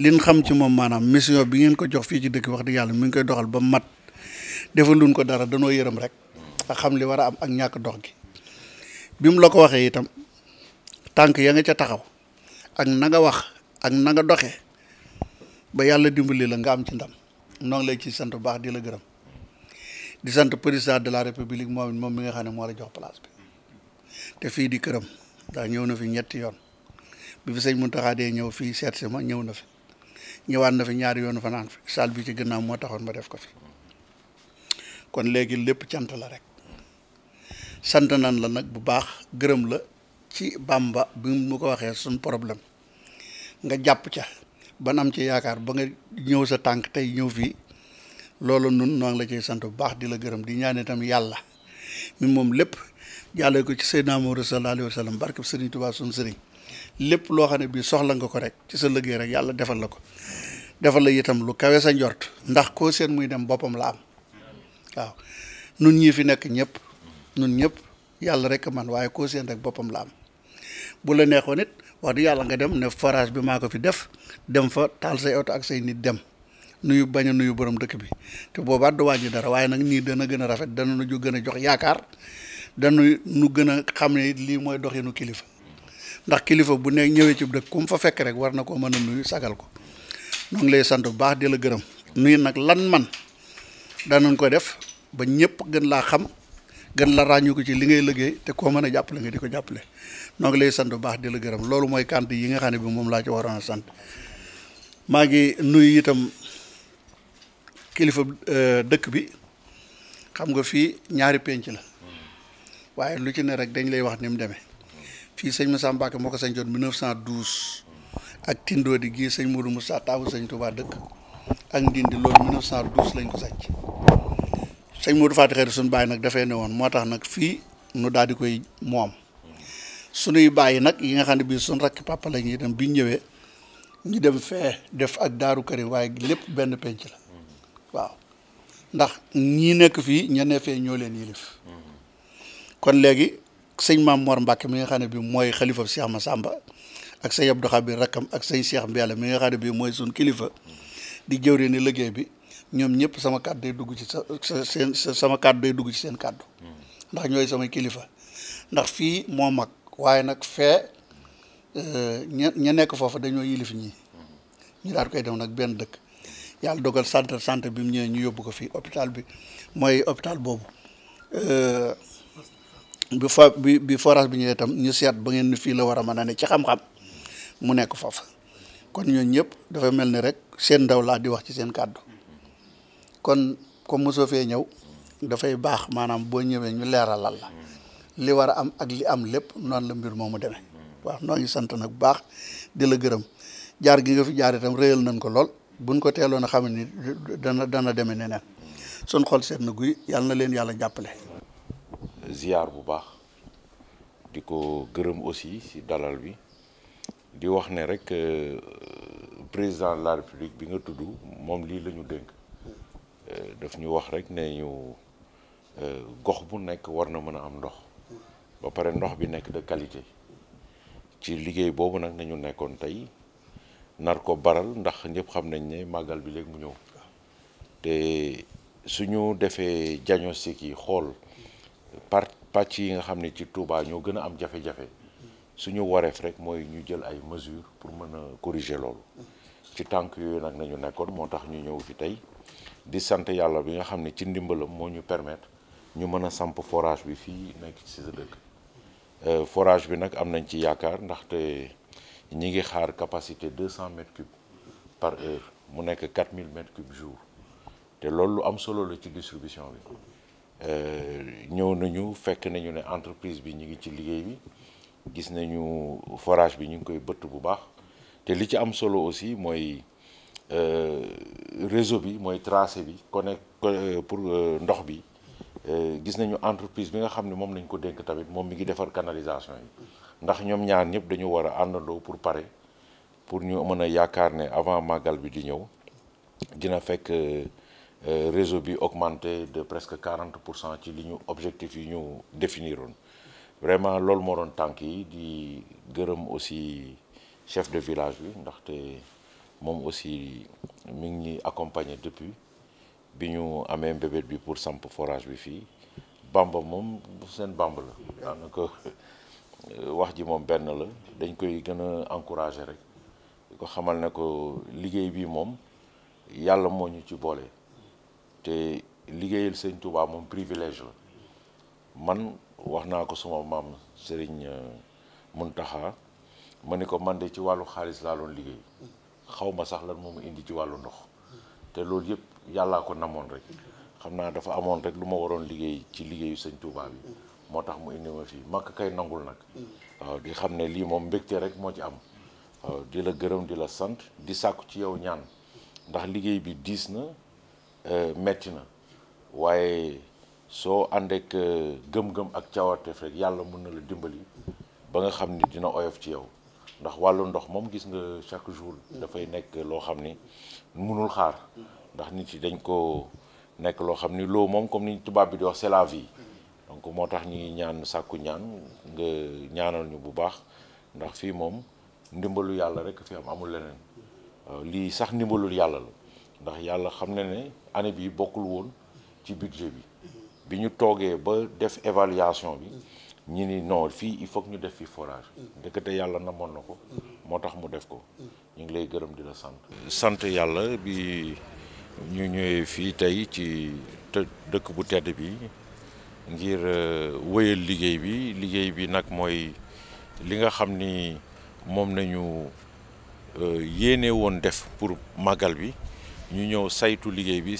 lin xam ci moom maanaam mission bi ngeen ko jox fii ci dëkk wax dëgg yàlla mi ngi koy doxal ba mat defaluñ ko dara danoo yërëm rek ak xam li war a am ak ñàkk dox gi bi mu la ko waxee itam tànk ya nga ca taxaw ak na nga wax ak na nga doxe ba yàlla dimbali la nga am ci ndam noo lay ci sant bu baax di la gërëm di sant président de la république moom moom mi nga xam ne moo la jox place bi te fii di këram ndax ñëw na fi ñetti yoon bi fi sëñ ñëw fii seet si ma ñëw na fi ñëwaat na fi ñaari yoonu fanaan fi salle bi ci gannaaw moo taxoon ma def ko fi kon léegi lépp cant la rek sant nan la nag bu baax gërëm la ci Bàmba bi mu ko waxee suñ problème nga jàpp ca ban am ci yaakaar ba nga ñëw sa tànk tey ñëw fii loolu nun noo ngi la ciy sant bu baax di la gërëm di ñaan itam yàlla mi moom lépp jàlle ko ci Seydina Muhammad sallallahu alayhi wa sallam barke Sëriñ Tuubaa suñ sëriñ lépp loo xam ne bii soxla nga ko rek ci sa liggéey rek yàlla defal la ko defal la itam lu kawe sa njort ndax koo seen muy dem boppam la am waaw nun ñii fi nekk ñëpp nun ñëpp yàlla rek man waaye koo seen rek boppam la am bu la neexoon nit wax dëgg yàlla nga dem ne forage bi maa ko fi def dem fa taal say oto ak say nit dem nuyu bañ a nuyu borom dëkk bi te boobaa du wàññi dara waaye nag nii dana gën a rafet dana nu gën a jox yaakaar danu nu gën a xam ne lii mooy doxinu kilifa ndax kilifa bu ne ñëwee ci dëkk ku mu fa fekk rek war na koo mën a nuyu sagal ko ñoo ngi lay sant bu baax di la gërëm nuyu nag lan man danañ ko def ba ñëpp gën laa xam gën la ràññu ko ci li ngay liggéey te koo mën a jàppale nga di ko jàppale ñoo lay sant bu baax di la gërëm loolu mooy kànt yi nga xam ne bi moom laa ci waroon a sant maa ngi nuyu itam kilifa euh, dëkk bi xam nga fii ñaari penc la waaye lu ci ne rek dañ lay wax ni mu demee fii sëñ Moussa Mbacke moo ko sañcoon 1912 ak Tindo di gii sëñ Modou Moussa taawu sëñ Touba dëkk ak Ndindi loolu 1912 lañ ko sañc sëñ Modou Faty Khary suñu bàyyi nag dafay ne woon moo tax nag fii nu daal di koy moom suñuy bàyyi nag yi nga xam ne bii suñ rakk pàppala la dem bi ñëwee ñu dem fee def ak daaru kër waaye lépp benn penc la waaw ndax ñii nekk fii ñeneen fee ñoo leen yilif mm-hmm. kon léegi. sëñ maam Mor Mbacke mi nga xam ne bii mooy xalifa ma Massamba ak sëñ Abdou Khabir rakkam ak sëñ Cheikh Mbialla mi nga xam ne bii mooy suñ kilifa di jëwri ni liggéey bi ñoom ñëpp sama kàddu day dugg ci sa seen sama kàddu day dugg ci seen kàddu ndax ñooy sama kilifa ndax fii moo mag waaye nag fee euh, ña ña nekk foofu dañoo yilif ñi ñu daal koy dem nag benn dëkk yàlla dogal centre santé bi mu ñëwee ñu yóbbu ko fii hôpital bi mooy hôpital boobu euh, bi fo bi bi forage bi ñëwee tam ñu seet ba ngeen ni fii la war a mën a ne ci xam-xam mu nekk foofu kon ñooñ ñëpp dafay mel ni rek seen ndaw laa di wax ci seen kàddu kon comme fee ñëw dafay baax maanaam boo ñëwee ñu leeralal la li war a am ak li am lépp noonu la mbir moomu deme waaw noo ngi sant nag bu baax di la gërëm jaar gi nga fi jaar itam réyal nañ ko lool bu buñ ko teeloon a xam ni dana dana demee neneen sun xol seet na guy yàlla na leen yàlla jàppale. ziar bu baax di ko gërëm aussi si dalal bi di wax ne rek euh, président de la république bi nga tudd moom lii lañu ñu euh, daf ñu wax rek ne ñu euh, gox bu nekk war na mën a am ndox ba pare ndox bi nekk de qualité ci liggéey boobu nag nañu nekkoon tey nar ko baral ndax ñëpp xam nañ ne màggal bi léegi mu ñëw te su ñu defee diagnostic yi xool par pàcc yi nga xam ne ci Touba ñoo gën a am jafe-jafe suñu wareef rek mooy ñu jël ay mesures pour mën a corriger loolu ci tànk yooyu nag nañu nekkoon moo tax ñu ñëw fi tey di sant yàlla bi nga xam ne ci ndimbalam moo ñu permettre ñu mën a samp forage bi fii nekk ci sa dëkk euh, forage bi nag am nañ ci yaakaar ndaxte ñi ngi xaar capacité deux cent mètres par heure mu nekk quatre mille jour te loolu lu am solo la ci distribution bi Euh, ñëw nañu fekk nañu ne entreprise bi ñu ngi ci liggéey bi gis nañu forage bi ñu ngi koy bëtt bu baax te li ci am solo aussi mooy euh, réseau bi mooy tracé bi connect euh, pour ndox bi gis nañu entreprise bi nga xam ne moom lañ ko dénk tamit moom mi ngi defar canalisation yi ndax ñoom ñaar ñëpp dañu war a àndandoo pour pare pour ñu mën a yaakaar ne avant màggal bi di ñëw dina fekk. Euh, réseau bi augmenté de presque quarante pour cent ci li ñu objectif yi ñu définiroon vraiment loolu moo doon tànk yi di gërëm aussi chef de village bi ndaxte moom aussi mi ngi ñuy accompagner depuis bi ñu amee mbébét bi pour samp forage bi fii bamba moom seen bamb la daanaka euh, wax ji moom benn la dañ koy gën a encourager rek ko xamal ne ko liggéey bi moom yàlla moo ñu ci boole. te liggéeyal sëñ Touba moom privilège la man wax naa ko suma maam sëriñ Serigne euh, Mountakha ma ni ko man de ci wàllu xaalis laa doon liggéey xaw ma sax lan moomu indi ci wàllu ndox te loolu yëpp yàllaa ko namoon rek xam naa dafa amoon rek lu ma waroon liggéey ci liggéeyu sëñ Touba bi moo tax mu indi ma fii makk kay nangul nag waaw di xam ne lii moom mbégte rek moo ci am waaw di la gërëm di la sant di sàkku ci yow ñaan ndax liggéey bi diis na Euh, metti na waaye soo àndeek ak euh, gëm-gëm ak caawateef rek yàlla mun na la dimbali ba nga xam ni dina oyof ci yow ndax wàllu ndox moom gis nga chaque jour dafay nekk loo xam ni mënul xaar ndax nit yi dañ ko nekk loo xam ni loo moom comme ni tubaab bi di wax c'est la vie donc moo tax ñu ngi ñaan sàkku ñaan nga ñaanal ñu bu baax ndax fii moom ndimbalu yàlla rek fi am amul leneen euh, lii sax ndimbalul yàlla la ndax yàlla xam na ne année bii bokkul woon ci budget bi bi ñu toogee ba def évaluation bi ñu ni non fii il faut ñu def fi forage ndekete yàlla namoon na ko moo tax mu def ko ñu ngi lay gërëm di la sant sant yàlla bi ñu ñëwee fii tey ci dëkk bu tedd bi ngir euh, wéyal liggéey bi liggéey bi nag mooy li nga xam ni moom nañu euh, yéene woon def pour màggal bi ñu ñëw saytu liggéey bi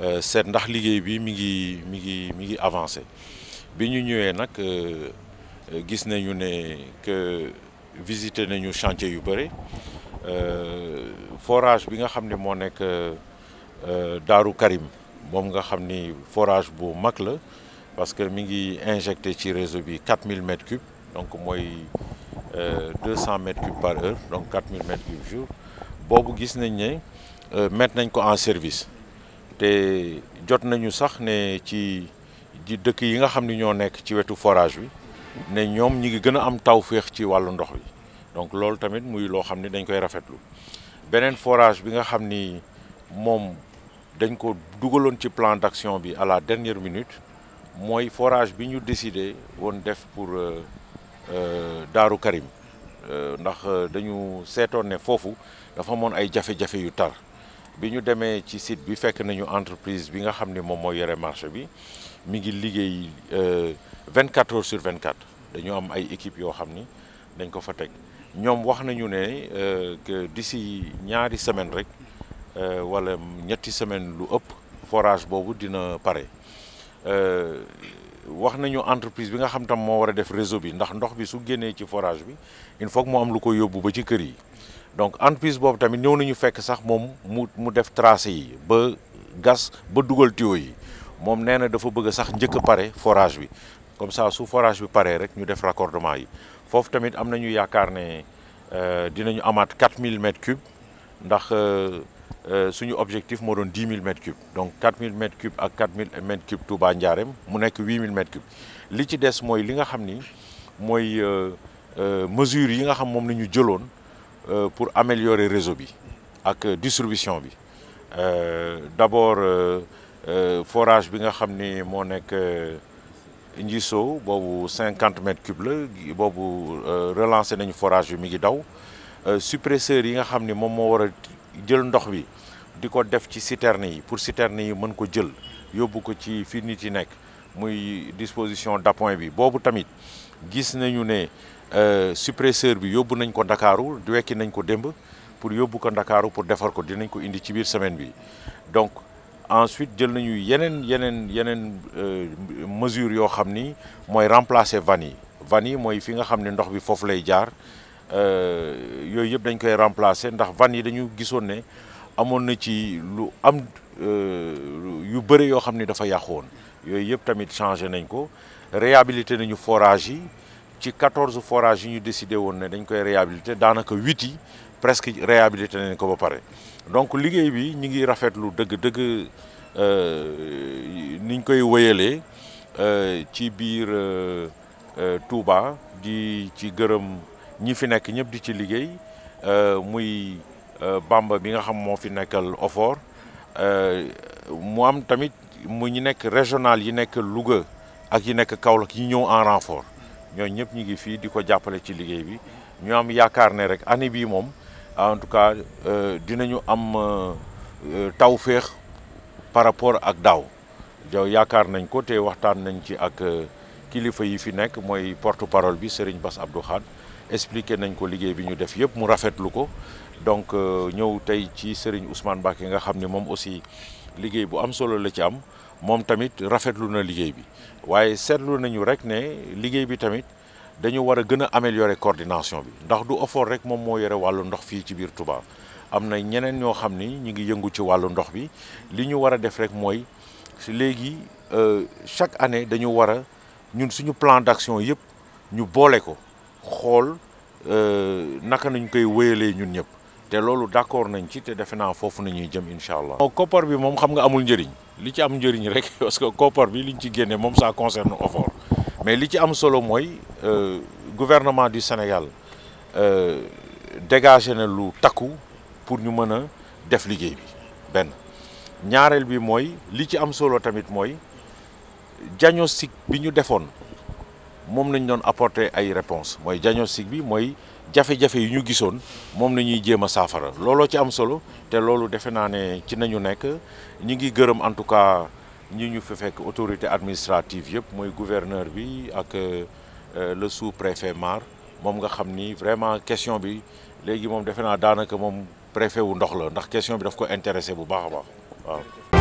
euh, seet ndax liggéey bi mi ngi mi ngi mi ngi avancé bi ñu ñëwee nag euh, euh, gis nañu ne que visité nañu chantier yu bëri forage bi nga xam ni moo nekk Daaru Karim moom nga xam ni forage bu mag la parce que mi ngi injecté ci réseau bi 4000 mètres cubes donc mooy 200 mètres cubes par heure donc 4000 mètres cubes jour boobu gis nañ ne Euh, mettre nañ ko en service te jot nañu sax ne ci di dëkk yi nga xam ni ñoo nekk ci wetu forage bi ne ñoom ñi ngi gën a am taw féex ci wàllu ndox bi donc loolu tamit muy loo xam ni dañ koy rafetlu beneen forage bi nga xam ni moom dañ ko dugaloon ci plan d'action bi à la dernière minute mooy forage bi ñu décidé woon def pour euh, euh, Daaru Karim ndax dañu seetoon ne foofu dafa moon ay jafe-jafe yu tar bi ñu demee ci site bi fekk nañu entreprise bi nga xam ni moom moo yere marché bi mi ngi liggéey euh, vingt heures sur quatre dañu am ay équipe yoo xam ni dañ ko fa teg ñoom wax nañu ne euh, que d'ici ñaari semaine rek euh, wala ñetti semaine lu ëpp forage boobu dina pare wax nañu entreprise bi nga xam tam moo war a def réseau bi ndax ndox bi su génnee ci forage bi il faut que mu am lu ko yóbbu ba ci kër yi donc entreprise boobu tamit ñëw nañu fekk sax moom mu mu def tracé yi ba gas ba dugal tuyau yi moom nee na dafa bëgg sax njëkk pare forage bi comme ça su forage bi paree rek ñu def raccordement yi foofu tamit am na ñu yaakaar ne euh, dinañu amaat 4000 mètres cubes ndax euh, euh, suñu objectif moo doon 10 000 mètres cubes donc 4000 mètres cubes ak 4000 mètres cubes Touba Ndiarème mu nekk 8000 mètres li ci des mooy li nga xam ni mooy mesures yi nga xam moom la ñu jëloon. Euh, pour améliorer réseau bi ak distribution bi euh, d'abord euh, forage bi nga xam ni moo nekk Njisso boobu cinquante mètres cubes la boobu relancé nañu forage bi mi ngi daw suppresseur yi nga xam ni moom moo war a jël ndox bi di ko def ci citerne yi pour citerne yi mën ko jël yóbbu ko ci fi nit yi nekk muy disposition d'appoint bi boobu tamit gis nañu ne Euh, suppresseur bi yóbbu nañ ko ndakaaru wekki nañ ko démb pour yóbbu ko ndakaaru pour defar ko dinañ ko indi ci biir semaine bi donc ensuite jël nañu yeneen yeneen yeneen euh, mesure yoo xam ni mooy remplacer vannes yi vannes yi mooy fi nga xam ne ndox bi foofu lay jaar euh, yooyu yëpp dañ koy remplacer ndax vannes yi dañu gisoon ne amoon na ci lu am yu bëre yoo xam ni dafa yàqu woon yooyu yëpp tamit changé nañ ko réhabilité nañu forage yi ci quatorze forage yi ñu décider woon ne dañ koy réhabilité daanaka huit yi presque réhabilité nañ ko ba pare donc liggéey bi ñu ngi rafetlu dëgg-dëgg euh, niñ koy wéyalee euh, ci biir euh, Touba di ci gërëm ñi fi nekk ñëpp di ci liggéey muy Bamba bi nga xam moo fi nekkal Ofor mu am tamit mu ñu nekk régional yi nekk Louga ak yi nekk Kaolack yi ñëw en renfort ñooñu ñëpp ñu ngi fii di ko jàppale ci liggéey bi ñu am yaakaar ne rek année bii moom en tout cas euh, dinañu am euh, taw féex par rapport ak daaw jow yaakaar nañ ko te waxtaan nañ ci ak euh, kilifa yi fi nekk mooy porte parole bi Serigne Bass Abdou Khadre expliqué nañ ko liggéey bi ñu def yëpp mu rafetlu ko donc ñëw tey ci Serigne Ousmane Mbacké nga xam ne moom aussi liggéey bu am solo la ci am moom tamit rafetlu na liggéey bi waaye seetlu nañu rek ne liggéey bi tamit dañu war a gën a améliorer coordination bi ndax du effort rek moom moo yore wàllu ndox fii ci biir tubaab am na ñeneen ñoo xam ni ñu ngi yëngu ci wàllu ndox bi li ñu war a def rek mooy si léegi euh, chaque année dañu war a ñun suñu plan d'action yëpp ñu boole ko xool euh, naka nañ koy wéyalee ñun ñëpp. te loolu d'accord nañ ci te defe naa foofu nañuy jëm incha allah. moo koppar bi moom xam nga amul njëriñ li ci am njëriñ rek parce que koppar bi ñu ci génne moom ça concerne OFOR mais li ci am solo mooy euh, gouvernement du Sénégal euh, dégagé na lu takku pour ñu mën a def liggéey bi benn ñaareel bi mooy li ci am solo tamit mooy diagnostic bi ñu defoon moom nañ doon apporter ay réponses mooy diagnostic bi mooy. jafe-jafe yu ñu gisoon moom la ñuy jéem a saafara looloo ci am solo te loolu defe naa ne ci nañu nekk ñi ngi gërëm en tout cas ñi ñu fi fekk autorité administrative yëpp mooy gouverneur bi ak euh, le sous-préfet Mar moom nga xam ni vraiment question bi léegi moom defe naa daanaka moom préfet wu ndox la ndax question bi daf ko intéressé bu baax a baax waaw